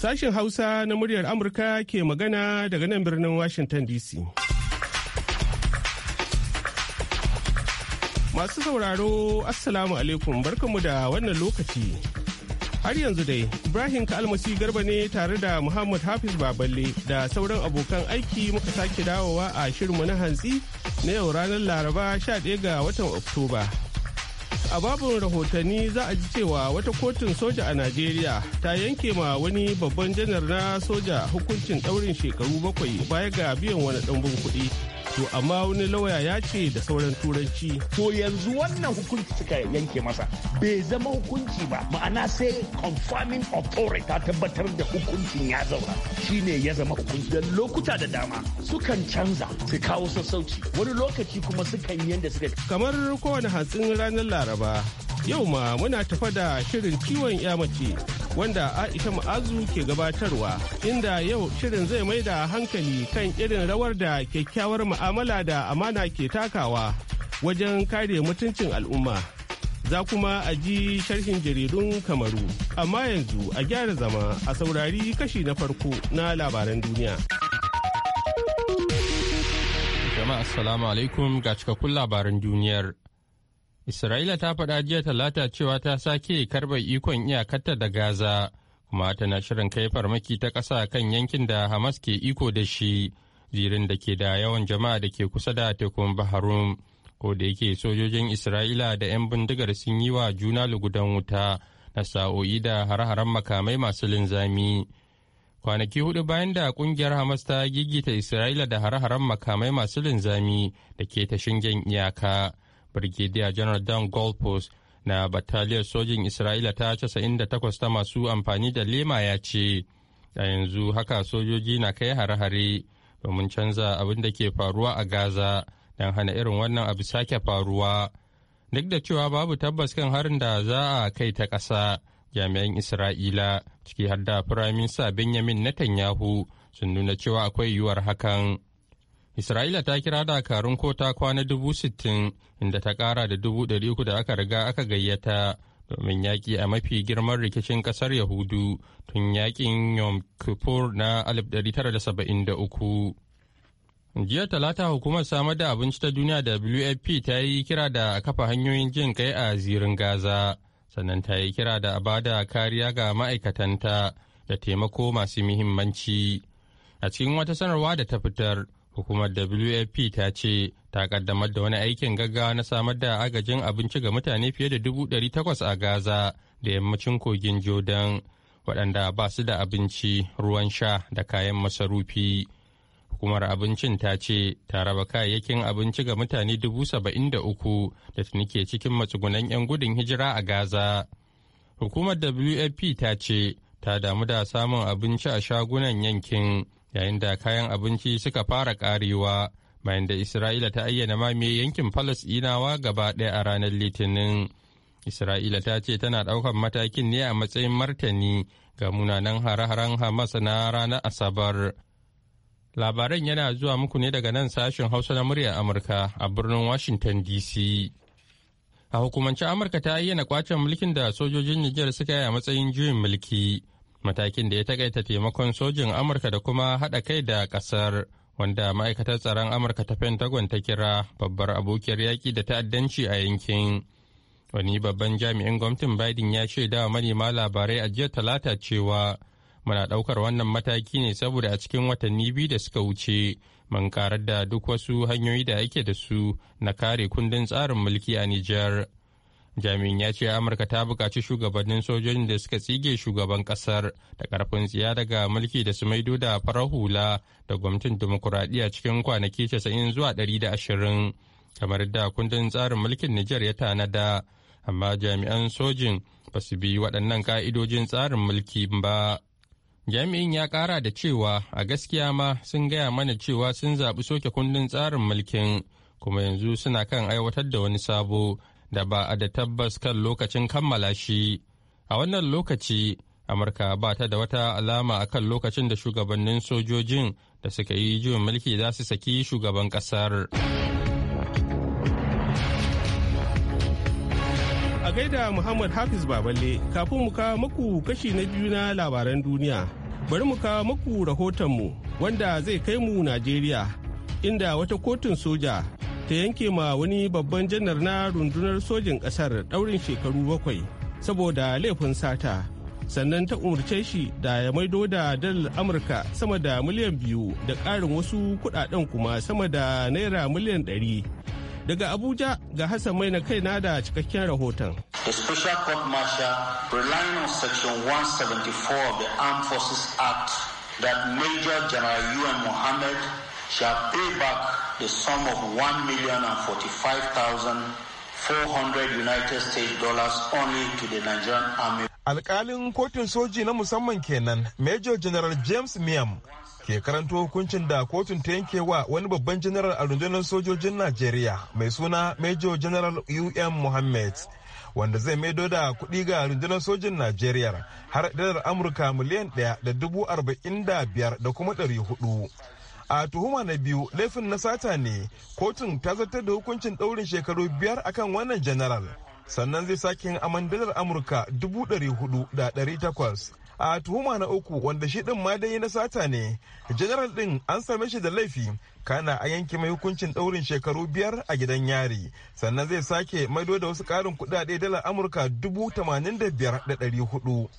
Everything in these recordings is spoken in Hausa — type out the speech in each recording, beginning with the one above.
Sashen Hausa na muryar Amurka ke magana daga nan birnin Washington DC. Masu sauraro, Assalamu alaikum barkanmu da wannan lokaci. Har yanzu dai, Ibrahim Kalmasi Garba ne tare da Muhammad Hafiz Baballe da sauran abokan aiki muka sake dawowa a shirinmu na hantsi na yau ranar Laraba 11 ga watan Oktoba. a babin rahotanni za a ji cewa wata kotun soja a najeriya ta yanke ma wani babban janar na soja hukuncin ɗaurin shekaru bakwai baya ga biyan wani ɗanbin kuɗi to amma wani lauya ya ce da sauran turanci to yanzu wannan hukunci suka yanke masa bai zama hukunci ba ma'ana sai confirming authority ta tabbatar da hukuncin ya zauna shine ya zama hukunci da lokuta da dama sukan canza su kawo sassauci wani lokaci kuma sukan yanda suka kamar kowane hatsin ranar laraba Yau ma muna tafa da shirin ciwon mace wanda Aisha Ma'azu ke gabatarwa inda yau shirin zai mai da hankali kan irin rawar da kyakkyawar mu'amala da amana ke takawa wajen kare mutuncin al'umma. Za kuma a ji sharhin jaridun kamaru, amma yanzu a gyara zama a saurari kashi na farko na labaran duniya. Jama'a assalamu alaikum ga cikakkun labaran duniyar. Isra'ila ta faɗa jiya talata cewa ta sake karɓar ikon iyakarta da Gaza, kuma tana shirin kai farmaki ta ƙasa kan yankin da Hamas ke iko da shi, zirin da ke da yawan jama'a da ke kusa da tekun Baharum. Ko da yake sojojin Isra'ila da 'yan bindigar sun yi wa juna lugudan wuta na sa'o'i da har haren makamai masu linzami. kwanaki hudu bayan da kungiyar hamas ta gigita isra'ila da har haren makamai masu linzami da ke ta shingen iyaka Brigadier General Dan Goldpost na bataliyar sojin Isra'ila ta takwas ta masu amfani da lema ya ce, a yanzu haka sojoji na kai hare-hare domin canza abin da ke faruwa a Gaza don hana irin wannan abu sake faruwa. Duk da cewa babu tabbas kan harin da za a kai ta ƙasa, jami'an Isra'ila ciki har da Firaminista Benjamin Netanyahu sun nuna cewa akwai yiwuwar hakan. Isra'ila ta kira dakarun kota kwana dubu sittin inda ta kara da dubu ɗari uku da aka riga aka gayyata domin yaƙi a mafi girman rikicin ƙasar Yahudu tun yaƙin Yom Kippur na 1973. Jiya Talata hukumar samar da abinci ta duniya WFP ta yi kira da kafa hanyoyin jin kai a zirin Gaza, sannan ta yi kira da ba da kariya ga ma'aikatanta da taimako masu muhimmanci. A cikin wata sanarwa da ta fitar, hukumar wfp ta ce ta kaddamar da wani aikin gaggawa na samar da agajin abinci ga mutane fiye da dubu ɗari takwas a gaza da yammacin kogin jordan waɗanda ba su da abinci ruwan sha da kayan masarufi hukumar abincin ta ce ta raba kayayyakin abinci ga mutane dubu saba'in da uku da tuni ke cikin matsugunan 'yan gudun hijira a gaza hukumar wfp ta ce ta damu da samun abinci a shagunan yankin yayin da kayan abinci suka fara karewa bayan da isra'ila ta ayyana mamaye yankin falasɗinawa gaba ɗaya a ranar litinin isra'ila ta ce tana ɗaukar matakin ne a matsayin martani ga munanan hare-haren hamas na ranar asabar labaran yana zuwa muku ne daga nan sashen hausa na muryar amurka a birnin washington dc a hukumance amurka ta ayyana kwacen mulkin da sojojin niger suka yi a matsayin juyin mulki matakin da ya takaita taimakon sojin amurka da kuma haɗa kai da ƙasar wanda ma'aikatar tsaron amurka ta pentagon ta kira babbar abokiyar yaƙi da ta'addanci a yankin wani babban jami'in gwamnatin biden ya shaida wa manema labarai a jiya talata cewa muna ɗaukar wannan mataki ne saboda a cikin watanni biyu da suka wuce mun karar da duk wasu hanyoyi da ake da su na kare kundin tsarin mulki a nijar jami'in ya ce amurka ta buƙaci shugabannin sojojin da suka tsige shugaban ƙasar da ƙarfin tsiya daga mulki da su maido da farar hula da gwamnatin dimokuraɗiyya cikin kwanaki 90 zuwa 120 kamar da kundin tsarin mulkin nijar ya tanada amma jami'an sojin ba su bi waɗannan ƙa'idojin tsarin mulki ba jami'in ya ƙara da cewa a gaskiya ma sun gaya mana cewa sun zaɓi soke kundin tsarin mulkin kuma yanzu suna kan aiwatar da wani sabo da ba a da tabbas kan lokacin kammala shi a wannan lokaci amurka ba ta da wata alama a kan lokacin da shugabannin sojojin da suka yi juyin mulki za su saki shugaban kasar a gaida muhammad hafiz baballe kafin mu kawo muku kashi na biyu na labaran duniya bari mu kawo muku rahotonmu wanda zai kai mu najeriya inda wata kotun soja ta yanke ma wani babban janar na rundunar sojin ƙasar ɗaurin shekaru bakwai saboda laifin sata sannan ta umarce shi da ya maido da dalar amurka sama da miliyan biyu da ƙarin wasu kuɗaɗen kuma sama da naira miliyan ɗari daga abuja ga hassan mai na kaina da cikakken rahoton The special court martial relying on section 174 of the Armed Forces Act that Major General UN Mohammed shall pay back the sum of hundred United States dollars only to the Nigerian Army. Alƙalin kotun soji na musamman kenan, Major General James Miam, ke karanto hukuncin da kotun ta yanke wa wani babban general a rundunar sojojin Najeriya mai suna Major General U.M. Mohammed. wanda zai maido da kuɗi ga rundunar sojin Najeriya har dalar Amurka miliyan ɗaya da dubu arba'in da biyar da kuma ɗari hudu. a tuhuma na biyu laifin na sata ne kotun ta zartar da hukuncin ɗaurin shekaru biyar akan wannan general sannan zai sake yin amandalar amurka dubu ɗari hudu da ɗari takwas a tuhuma na uku wanda shi din ma dai na sata ne general din an same shi da laifi kana a yanke mai hukuncin daurin shekaru biyar a gidan yari sannan zai sake maido da wasu karin kudade dala amurka dubu tamanin da biyar da ɗari hudu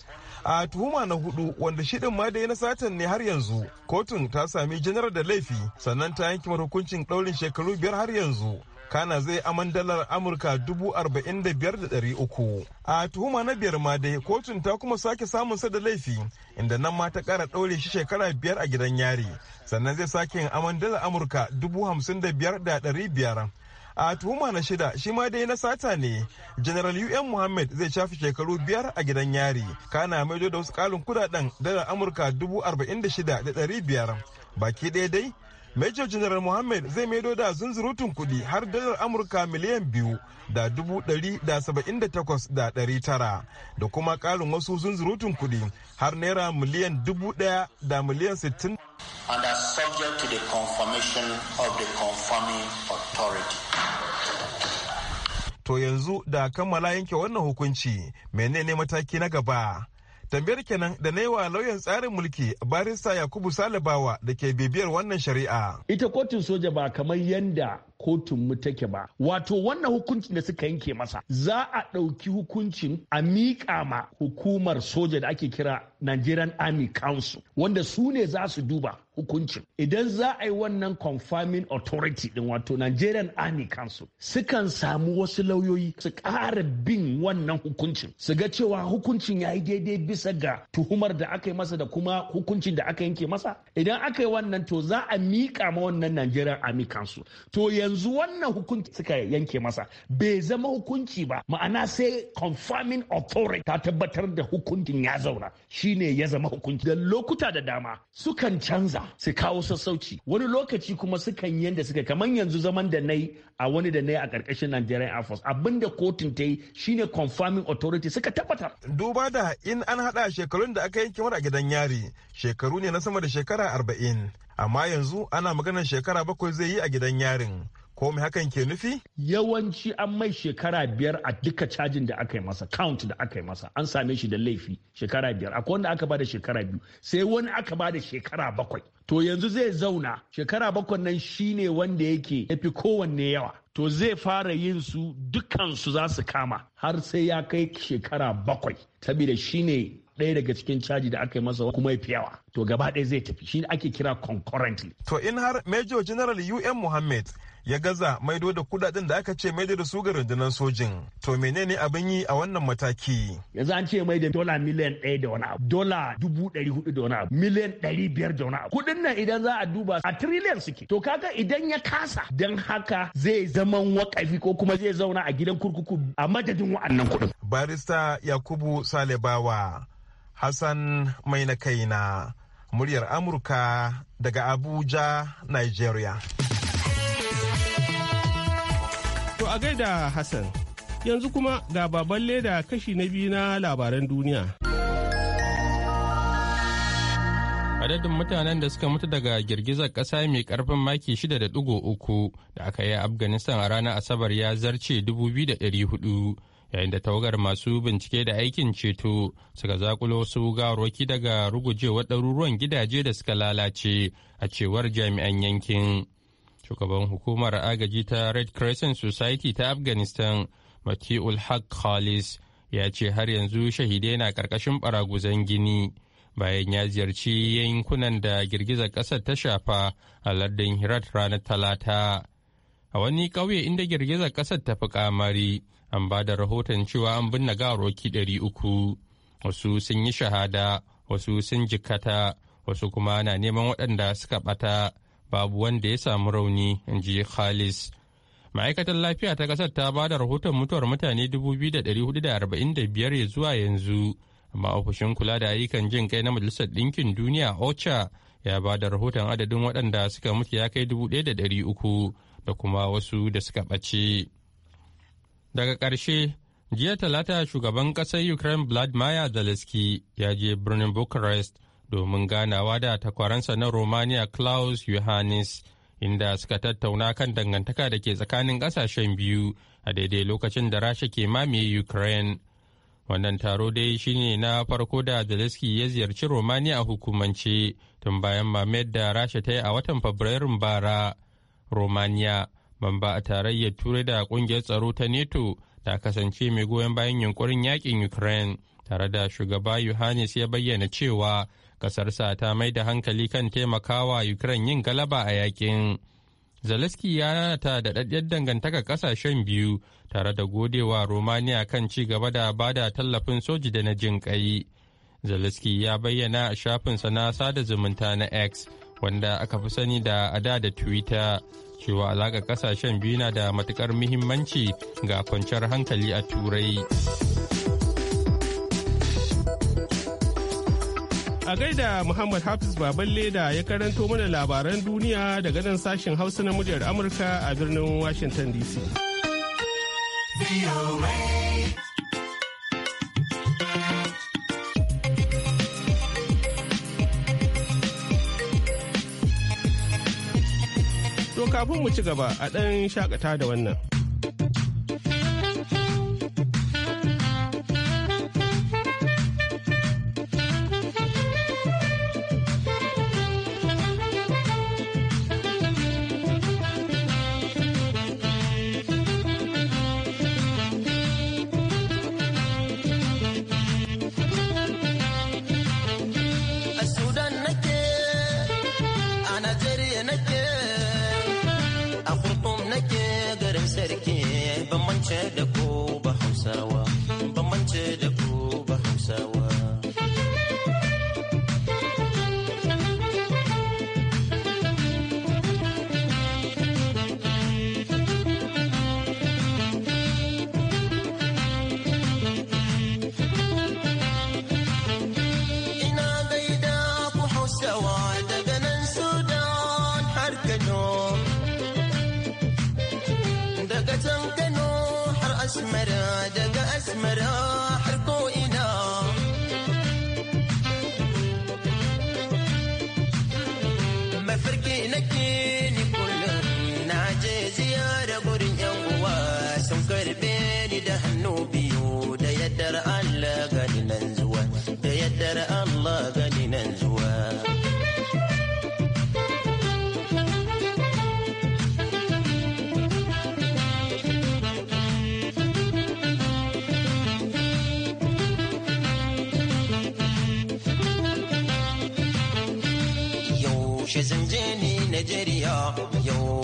a tuhuma na hudu wanda shi din ma dai na satan ne har yanzu kotun ta sami general da laifi sannan ta yanke hukuncin daurin shekaru biyar har yanzu kana zai aman dalar amurka dubu arba'in da biyar da ɗari uku a tuhuma na biyar ma dai kotun ta kuma sake samun sa da laifi inda nan ma ta kara ɗaure shi shekara biyar a gidan yari sannan zai sake yin aman dalar amurka dubu hamsin da biyar da ɗari biyar a tuhuma na shida shi ma dai na sata ne general un muhammad zai shafi shekaru biyar a gidan yari kana maido da wasu kalin kudaden dalar amurka dubu arba'in da shida da ɗari biyar baki ɗaya dai Major General Mohammed zai maido da zunzurutun kudi har dalar Amurka miliyan biyu da dubu dari da saba'in da takwas da dari tara da kuma ƙarin wasu zunzurutun kudi har naira miliyan dubu daya da miliyan sittin. And are subject to the confirmation of the confirming authority. To yanzu da kammala yanke wannan hukunci menene mataki na gaba? tambayar kenan da na yi wa lauyan tsarin mulki barista yakubu salibawa da ke bibiyar wannan shari'a ita kotun soja ba kamar yanda kotun mu take ba wato wannan hukuncin da suka yanke masa za a ɗauki hukuncin a miƙa ma hukumar soja da ake kira Nigerian Army Council wanda su ne za su duba hukuncin idan za a yi wannan confirming authority din wato Nigerian Army Council sukan samu wasu lauyoyi su ƙara bin wannan hukuncin su ga cewa hukuncin ya yi daidai bisa ga tuhumar da aka yi masa da kuma hukuncin da aka yanke masa idan aka yi wannan to za a miƙa ma wannan Nigerian Army Council to yanzu yanzu wannan hukunci suka yanke masa bai zama hukunci ba ma'ana sai confirming authority ta tabbatar da hukuncin ya zauna shine ya zama hukunci da lokuta da dama sukan canza su kawo sassauci wani lokaci kuma sukan yanda suka kamar yanzu zaman da na a wani da na yi a karkashin Nigerian Air Force abinda kotun ta yi shine confirming authority suka tabbatar. Duba da in an haɗa shekarun da aka yanke mara a gidan yari shekaru ne na sama da shekara arba'in amma yanzu ana maganar shekara bakwai zai yi a gidan yarin ko mai hakan ke nufi yawanci an mai shekara biyar a duka cajin da aka yi masa count da aka yi masa an same shi da laifi shekara biyar akwai wanda aka bada shekara biyu sai wani aka bada shekara bakwai to yanzu zai zauna shekara bakwai nan shine wanda yake yafi kowanne yawa to zai fara yin su dukansu za su kama har sai ya kai shekara bakwai saboda shine ɗaya daga cikin caji da aka yi masa kuma ya fiyawa to gaba ɗaya zai tafi shi ake kira concurrently to in har major general un Mohammed ya gaza maido da kudaden da aka ce maido da su ga rundunar sojin to menene abin yi a wannan mataki yanzu an ce mai da dola miliyan ɗaya da wani abu dola dubu ɗari hudu da wani abu miliyan ɗari biyar da wani abu kudin nan idan za a duba a triliyan suke to kaga idan ya kasa don haka zai zama wakafi ko kuma zai zauna a gidan kurkuku a madadin wa'annan kuɗin barista yakubu salebawa Hassan mai na kai na muryar Amurka daga Abuja, Nigeria. To a gaida Hassan, yanzu kuma ga baban leda kashi na biyu na labaran duniya. Adadin mutanen da suka mutu daga girgizar ƙasa mai karfin maki 6.3 da aka yi a Afghanistan a ranar Asabar ya zarce 2,400. yayin da tawagar masu bincike da aikin ceto suka zakulo wasu gawarwaki daga rugujewar ɗaruruwan gidaje da suka lalace a cewar jami'an yankin shugaban hukumar agaji ta red crescent society ta afghanistan mati'ul haq khalis ya ce har yanzu shahidai na ƙarƙashin baraguzan gini bayan ya ziyarci yankunan da girgizar ƙasar ta shafa a lardin hirat ranar talata a wani ƙauye inda girgizar ƙasar ta fi kamari an ba da rahoton cewa an binne gawarwaki ɗari uku wasu sun yi shahada wasu sun jikata wasu kuma na neman waɗanda suka ɓata babu wanda ya samu rauni in ji khalis ma'aikatar lafiya ta ƙasar ta ba da rahoton mutuwar mutane 2,445 ya zuwa yanzu amma ofishin kula da ayyukan jin kai na majalisar ɗinkin duniya ocha ya ba da rahoton adadin waɗanda suka mutu ya kai 1,300 da kuma wasu da suka ɓace. Daga ƙarshe, jiya talata shugaban ƙasar Ukraine Vladimir Zelensky ya je birnin Bucharest domin ganawa da takwaransa na Romania Klaus Yohannis inda suka tattauna kan dangantaka da ke tsakanin ƙasashen biyu a daidai lokacin da Rasha ke mamaye Ukraine. Wannan taro dai shine na farko da Zelensky ya ziyarci Romania a hukumance tun bayan mamayar da Rasha ta yi a watan Fabrairun bara. Romania bamba a tarayyar turai da kungiyar tsaro ta neto ta kasance mai goyon bayan yunkurin yakin ukraine tare da shugaba yohannes ya bayyana cewa ƙasarsa ta mai da hankali kan taimakawa ukraine yin galaba a yakin zelensky ya nanata da daɗaɗɗiyar dangantaka ƙasashen biyu tare da godewa romania kan ci gaba da bada tallafin soji da na jin ƙai zelensky ya bayyana a shafinsa na sada zumunta na x wanda aka fi sani da ada da twitter cewa alaƙa ƙasashen biyu na da matuƙar muhimmanci ga kwanciyar hankali a turai. A gaida Muhammad Hafiz Baballe da ya karanto mana labaran duniya daga nan sashen Hausa na muryar Amurka a birnin Washington DC. kafin mu ci gaba a ɗan shakata da wannan. sawa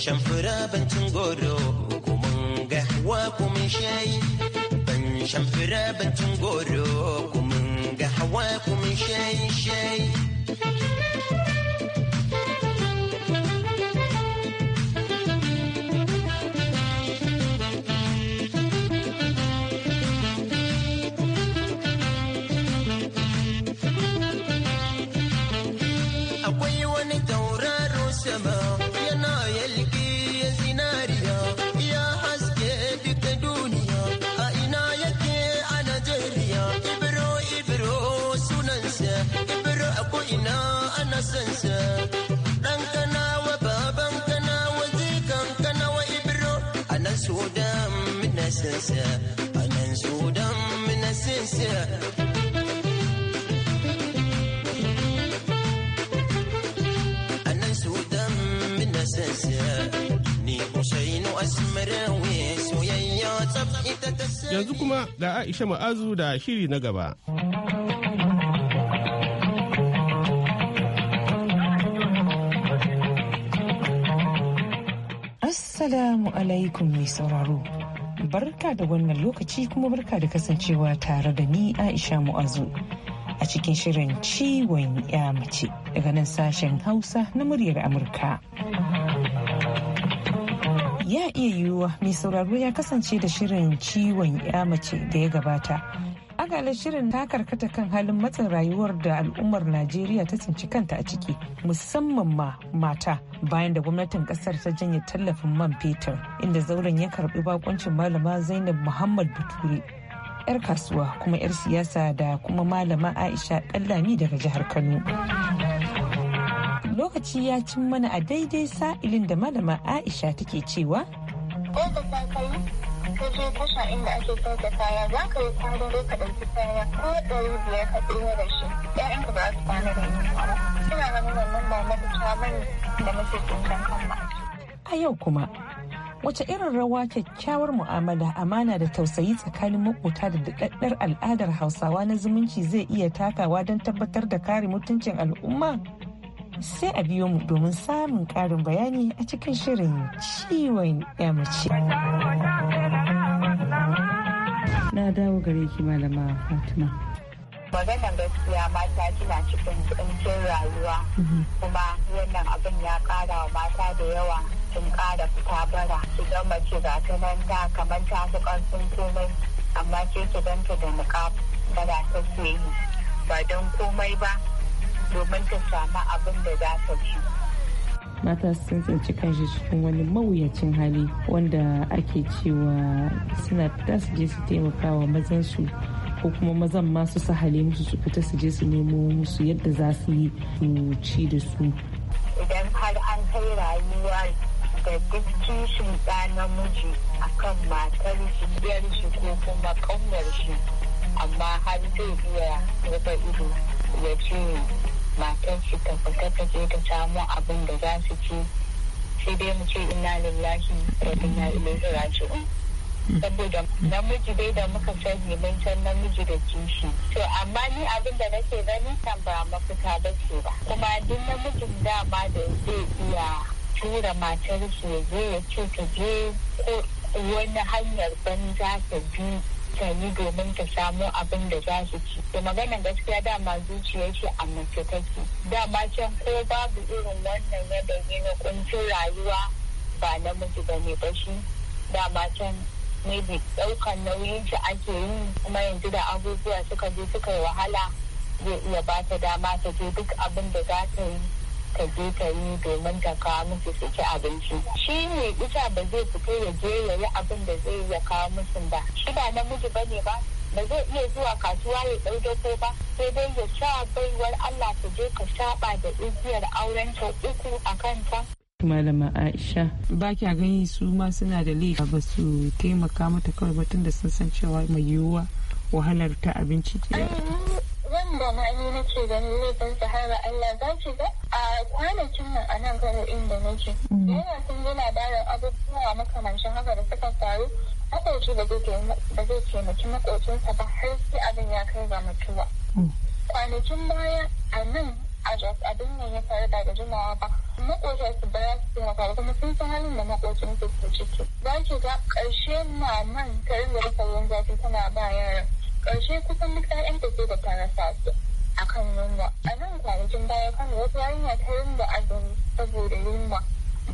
Shamfura fura ban cin goro ko mun ga hawa ko mun shayi ban shan ban cin goro ko mun ga hawa ko mun shayi shayi da Aisha Ma'azu da shiri na gaba. Assalamu alaikum mai sauraro. Barka da wannan lokaci kuma barka da kasancewa tare da ni Aisha Mu'azu. a cikin shirin ciwon ya mace daga nan sashen hausa na muryar amurka ya iya yiwuwa mai sauraro ya kasance da shirin ciwon ya mace da ya gabata akalar shirin ta karkata kan halin matsin rayuwar da al'ummar najeriya ta tsinci kanta a ciki musamman ma mata bayan da gwamnatin kasar ta janye tallafin man fetur inda zauren ya karbi bakoncin malama zainab muhammad buture yar kasuwa kuma yar siyasa da kuma malama aisha ɗallami daga jihar kano lokaci ya cin mana a daidai sa'ilin da malama aisha take cewa inda ake a yau kuma wace irin rawa kyakkyawar mu'amala amana da tausayi tsakanin makota da daɗaɗɗar al'adar hausawa na zumunci zai iya takawa don tabbatar da kare mutuncin al'umma sai a biyo mu domin samun karin bayani a cikin shirin ciwon ya Na dawo gare ki malama Fatima. maganar gaskiya mata kina cikin kuncin rayuwa mhm. kuma wannan abin ya kara wa mata da yawa sun kara fita bara idan mace ga ta nan ta kamar ta fi karfin komai amma ke ki ganta da niqab bara ta ke ba don komai ba domin ta samu abin da za ta ci. mata sun tsinci kanshi cikin wani mawuyacin hali wanda ake cewa suna fita su je su taimaka wa mazansu ko kuma mazan masu su sahale musu su fita su je su nemo musu yadda za su yi su ci da su idan har an kai rayuwa da duk kishin ɗa namiji kan matar shi ko kuma kaunar shi amma har zai iya rufe ido ya ce matar su ta fita ta je ta samo abin da za su ci sai dai mu ce inna lillahi wa inna ilaihi raji'un saboda namiji dai da muka sani mun san namiji da kishi to amma ni abin da nake gani kan ba mafita ba ce ba kuma duk namijin dama da zai iya tura matar su ya je ya ce ta je ko wani hanyar banza ta bi ta domin ta samo abin da za su ci da maganan gaskiya dama zuciya ce a mace take dama can ko babu irin wannan yanayi na kuncin rayuwa ba namiji ba ne ba shi dama can maybe daukan nauyin shi ake yi kuma yanzu da abubuwa suka je suka yi wahala zai iya ba ta dama ta je duk abin da za ta yi ka je ka yi domin ta kawo musu su ci abinci shi ne ita ba zai fita ya je ya yi abin da zai ya kawo musu ba shi ba namiji ba ne ba ba zai iya zuwa kasuwa ya ɗau dako ba sai dai ya sha baiwar Allah ka je ka saba da igiyar auren ta uku a kan kanta. Malama Aisha ba kya gani su ma suna da laifi ba su taimaka mata kawai ba da sun san cewa mai yiwuwa wahalar ta abinci ke. wanda na ke nake ganin laifin sahara Allah za ki ga a kwanakin nan a nan kano inda nake mm. yana sun ji labarin abubuwa makamancin haka da suka faru makoci da zai taimaki makocinsa ba har sai abin ya kai ga mutuwa mm. kwanakin baya a nan a jos abin nan ya faru ba da jimawa ba makocinsu ba ya su taimaka kuma sun san halin da makocinsu ke ciki za ga ƙarshe maman ta rinda rufe ruwan zafi tana ba yaran ƙarshe kusan duk ƴaƴan ta ke da ta rasa su a kan yunwa a nan kwanakin baya kan wata yarinya ta yunwa a saboda yunwa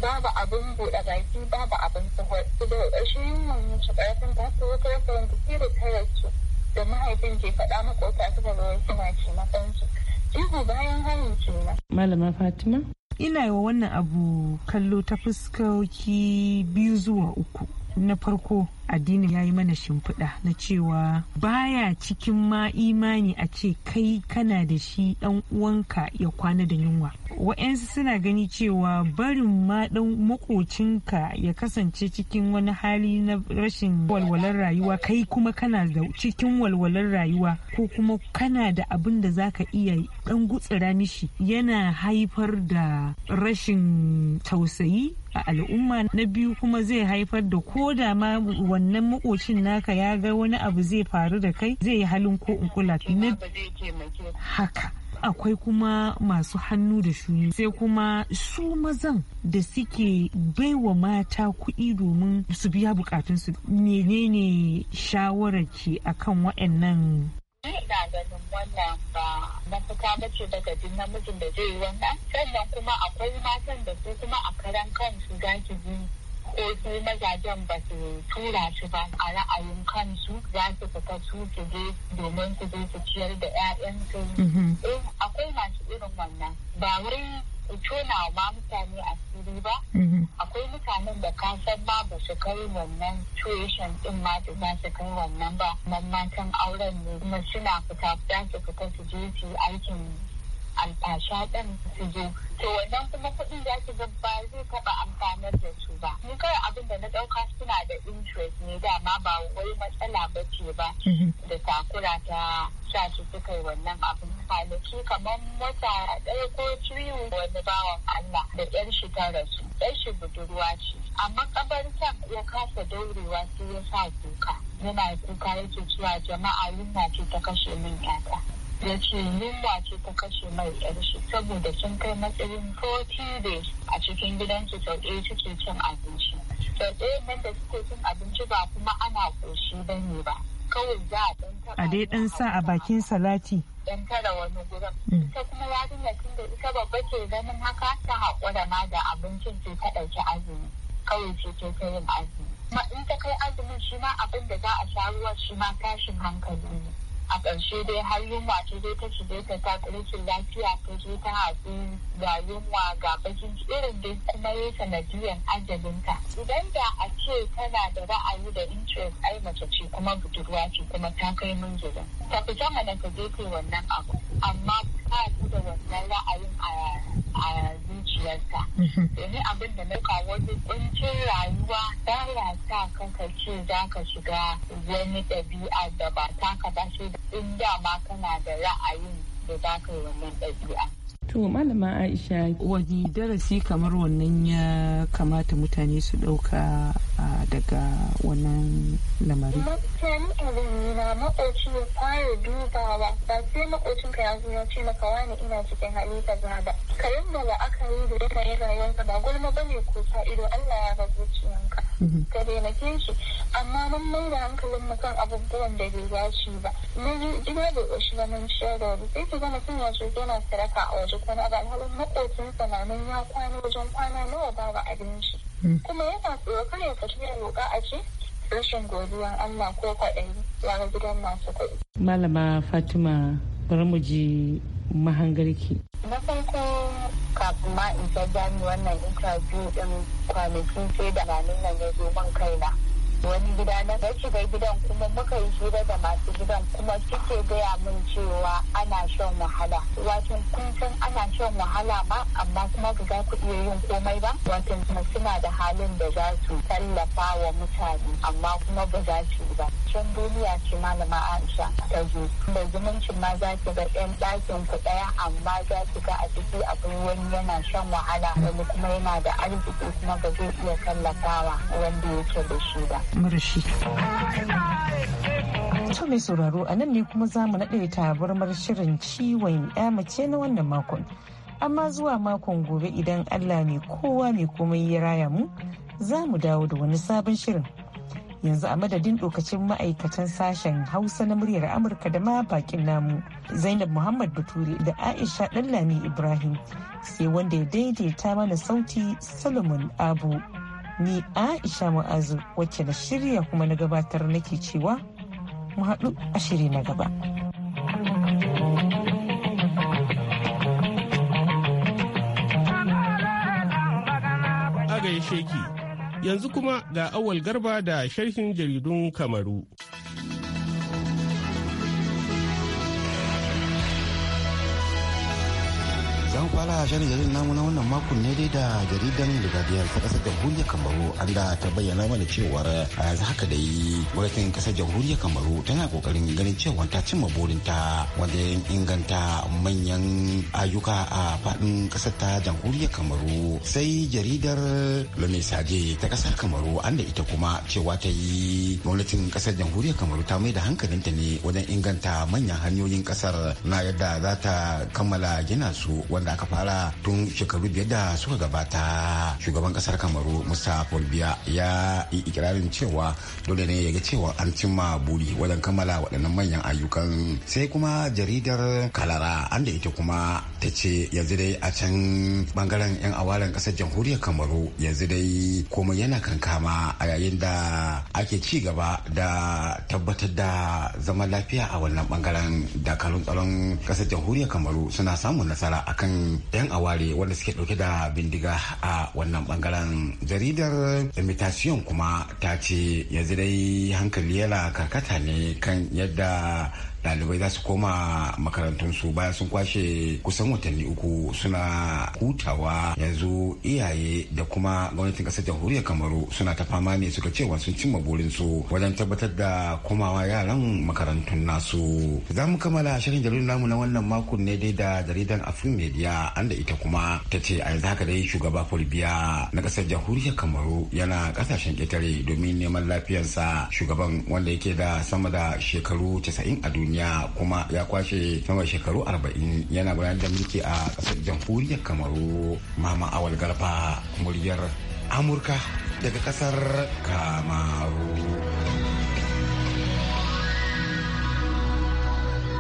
babu abin buɗe baki babu abin tsohon su da ƙarshe yunwan mace ƙarfin ta su wata rasa yanzu sai da ta rasu da mahaifin ke faɗa su suka zo suna ce makansu jihu bayan harin kenan. malama fatima ina yi wa wannan abu kallo ta fuskoki biyu zuwa uku na farko addinin ya yi mana shimfiɗa na cewa baya cikin ma imani a ce kai kana da shi ɗan uwanka ya kwana da yunwa wa'yansu suna gani cewa barin ma ɗan makocinka ya kasance cikin wani hali na rashin walwalar rayuwa kai kuma kana da cikin walwalar rayuwa ko kuma kana da abin da zaka iya ɗan gutsira mishi yana haifar da rashin tausayi a al'umma na biyu kuma zai haifar da ko da ma wannan makocin naka ya ga wani abu zai faru da kai zai yi halin ko in kula haka akwai kuma masu hannu da shuni sai kuma su mazan da suke baiwa mata kuɗi domin su biya bukatunsu menene shawararki akan waɗannan ina ganin wannan ba mafita ba ce daga duk namijin da zai yi wannan sannan kuma akwai matan da su kuma a karan kansu za ki ko su mazajen ba su tura su ba a ra'ayin kansu za su fita su su je domin su je su ciyar da 'ya'yansu. Mhm. Eh, akwai masu irin wannan ba wai tona ma mutane asiri ba mhm. akwai mutanen da ka san ma ba su kai wannan tuition din ma da za su kai wannan ba mamatan auren ne kuma suna fita za su fita su je su aikin alfasha ɗin su zo to wannan kuma kuɗin za su ga ba zai taɓa amfanar da su ba ni kawai abin da na ɗauka suna da interest ne dama ba wai matsala ba ce ba mhm. da takura ta sa su suka yi wannan abin kwanaki kamar wata ɗaya ko ciwo wani bawan Allah da ƴan shi ta rasu ƴan shi budurwa ce amma kabartan ya kasa daurewa sai ya sa kuka yana kuka yake cewa jama'a yunwa ce ta kashe min 'yata ya ce yunwa ce ta kashe mai ƙarshe saboda sun kai matsayin 40 days a cikin gidansu sau ɗaya suke cin abinci sau ɗaya nan da suke cin abinci ba kuma ana ƙoshi ba ne ba kawai za a ɗan taɓa a dai ɗan sa a bakin salati ɗan tara wani gurin mm. ita kuma ya yarinya tun da ita babba ke ganin haka ta haƙura ma da abincin ce ta ɗauki azumi kawai ce ce ta yin azumi kuma in ta kai azumin shi ma abin da za a sha ruwa shi ma tashin hankali ne a ƙarshe dai har yunwa ta zo ta shige ta ta lafiya ta zo ta hatsi ga yunwa ga bakin irin dai kuma ya sanadiyar ajalinta idan da a ce tana da ra'ayi da interest ai mace ce kuma budurwa ce kuma ta kai mun ta fita mana ta je wannan abu amma ba ku da wannan ra'ayin a zuciyarsa mhm. domin abin da na wani kuncin rayuwa ba ya sa kanka ce za ka shiga wani ɗabi'a da ba ka ba shi in dama kana da ra'ayin da za ka yi wannan ɗabi'a. To malama Aisha wani darasi kamar wannan ya kamata mutane su ɗauka daga wannan lamarin. sai ni na makoci ya fara dubawa ba sai makocin ka ya zo ya ce maka wani ina cikin hali ka za ba ka yanda la'akari da yi rayuwarka ba gulma ba ne ko sa ido Allah ya rabu ciyanka mhm. ka ke shi amma mun mai da hankalin mu kan abubuwan da bai dace ba na yi gida da ƙoshi ba mun ciyar da wani sai ki ga sun ya yana saraka a waje Kuma ba alhalin makocinsa na nan ya kwana wajen kwana nawa babu abinci mhm. kuma yana tsoro kan ya fashe ya roƙa a ce rashin godiyar Allah ko kwaɗayi ya ga gidan masu kuɗi. Malama Fatima Barmuji ji mahangarki. Na farko kafin ma in ta jami wannan interview din kwanaki sai da ranar nan ya zo man kaina. wani gida na da shiga gidan kuma muka yi hira da masu gidan kuma suke gaya min cewa ana shan wahala watan kun san ana shan wahala ba amma kuma ba za ku iya yin komai ba watan suna da halin da za su tallafa wa mutane amma kuma ba za su ba can duniya ce malama aisha ta zo da zumuncin ma za ki ga yan ɗakin ku ɗaya amma za ki ga a ciki akwai wani yana shan wahala wani kuma yana da arziki kuma ba zai iya tallafawa wanda yake da shi ba marashi. To mai sauraro a nan ne kuma za mu naɗe tabarmar shirin ciwon mace na wannan makon. Amma zuwa makon gobe idan Allah mai kowa mai komai ya raya mu za mu dawo da wani sabon shirin. Yanzu a madadin ɗokacin ma'aikatan sashen Hausa na muryar Amurka da ma bakin namu Zainab Muhammad Bature da Aisha lami Ibrahim sai wanda ya daidaita mana sauti Solomon Abu. ni aisha mu'azu wacce na shirya kuma na gabatar nake cewa mu haɗu a shiri na gaba gaishe ki yanzu kuma ga awal garba da sharhin jaridun kamaru Zan fara shirin jaridar namu na wannan makon ne dai da jaridan da ta kasar jamhuriyar Kamaru an da ta bayyana mana cewar a yanzu haka yi gwamnatin kasar jamhuriyar Kamaru tana kokarin ganin cewa ta cimma burinta wanda ya inganta manyan ayyuka a faɗin kasar ta jamhuriyar Kamaru sai jaridar Le ta kasar Kamaru an da ita kuma cewa ta yi gwamnatin kasar jamhuriyar Kamaru ta mai da hankalinta ne wajen inganta manyan hanyoyin kasar na yadda za ta kammala gina su wanda da aka fara tun shekaru biyar da suka gabata shugaban kasar kamaru musa folbiya ya yi ikirarin cewa dole ne ya ga cewa an cimma buri wajen kammala waɗannan manyan ayyukan sai kuma jaridar kalara an da ita kuma ta ce yanzu dai a can bangaren 'yan awaren kasar jamhuriyar kamaru yanzu dai komai yana kankama a yayin da ake ci gaba da tabbatar da zaman lafiya a wannan bangaren dakarun tsaron kasar jamhuriyar kamaru suna samun nasara a kan 'yan aware wanda suke dauke da bindiga a wannan bangaren jaridar imitation kuma ta ce yanzu dai hankali yana karkata ne kan yadda ɗalibai za su koma makarantunsu bayan sun kwashe kusan watanni uku suna hutawa yanzu iyaye da kuma gwamnatin kasar jamhuriyar kamaru suna ta fama ne suka cewa sun cimma su wajen tabbatar da komawa yaran makarantun nasu za mu kammala shirin jaridar namu na wannan makon ne dai da jaridan afrin media an da ita kuma ta ce a yanzu haka dai shugaba fulbiya na ƙasar jamhuriyar kamaru yana kasashen ƙetare domin neman lafiyarsa shugaban wanda yake da sama da shekaru 90 a duniya ya kuma ya kwashe sama shekaru 40 yana gudanar da mulki a kasar jamhuriyar kamaru mama awal garba muryar amurka daga ƙasar kamaru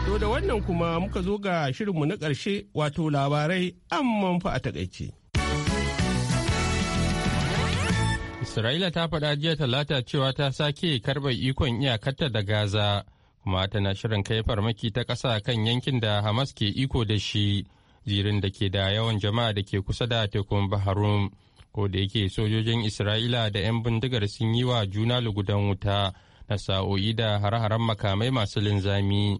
to da wannan kuma muka zo ga shirinmu na ƙarshe wato labarai an fa a takaice Isra'ila ta faɗa jiya talata cewa ta sake karɓar ikon iyakarta da Gaza kuma tana shirin kai farmaki ta ƙasa kan yankin da hamas ke iko da shi zirin da ke da yawan jama'a da ke kusa da tekun baharum ko da yake sojojin isra'ila da 'yan bindigar sun yi wa juna lugudan wuta na sa'o'i da hare-haren makamai masu linzami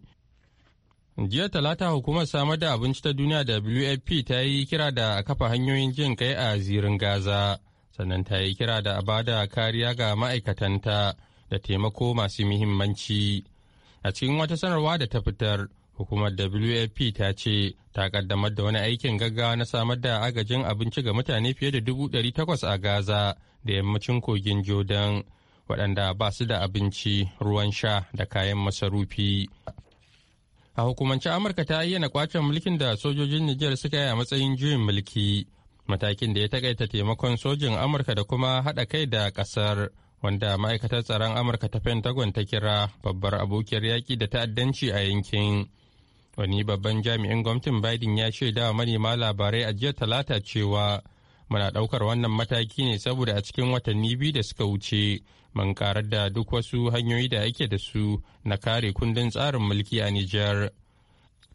jiya talata hukumar samar da abinci ta duniya da wfp ta yi kira da a kafa hanyoyin jin kai a zirin gaza sannan ta yi kira da a bada kariya ga ma'aikatanta da taimako masu muhimmanci. a cikin wata sanarwa da ta fitar hukumar wfp ta ce ta kaddamar da wani aikin gaggawa na samar da agajin abinci ga mutane fiye da dubu ɗari takwas a gaza da yammacin kogin jordan waɗanda ba su da abinci ruwan sha da kayan masarufi a hukumance amurka ta ayyana kwacin mulkin da sojojin nijar suka yi a matsayin juyin mulki matakin da ya taƙaita taimakon sojin amurka da kuma haɗa kai da ƙasar wanda ma'aikatar tsaron amurka ta pentagon ta kira babbar abokiyar yaƙi da ta'addanci a yankin wani babban jami'in gwamnatin biden ya ce da manema labarai a jiya talata cewa muna ɗaukar wannan mataki ne saboda a cikin watanni biyu da suka wuce mun karar da duk wasu hanyoyi da ake da su na kare kundin tsarin mulki a nijar.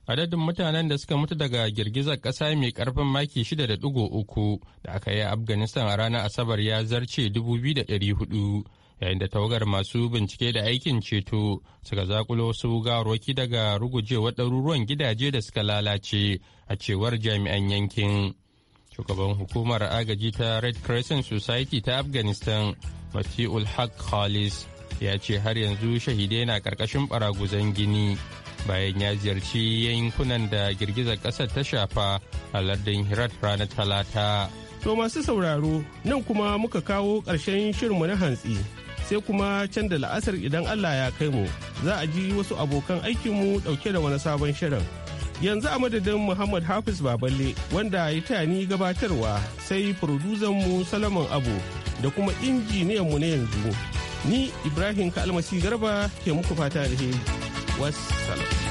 adadin mutanen da suka mutu daga girgizar ƙasa mai karfin maki 6.3 da aka yi a afghanistan a ranar asabar ya zarce 2,400 yayin da tawagar masu bincike da aikin ceto suka zakulo wasu gawarwaki daga rugujewar ɗaruruwan gidaje da suka lalace a cewar jami'an yankin shugaban hukumar agaji ta red crescent society ta afghanistan mati'ul haq khalis ya ce har yanzu shahidai na ƙarƙashin baraguzan gini bayan ya ziyarci yankunan da girgizar ƙasar ta shafa a lardin Hirat ranar Talata. To masu sauraro nan kuma muka kawo ƙarshen shirinmu na hantsi sai kuma can da la'asar idan Allah ya kai mu za a ji wasu abokan aikinmu ɗauke da wani sabon shirin. Yanzu a madadin Muhammad Hafiz Baballe wanda ya taya ni gabatarwa sai mu Salaman Abu da kuma injiniyan mu na yanzu. Ni Ibrahim Kalmasi Garba ke muku fata da alheri. wassalam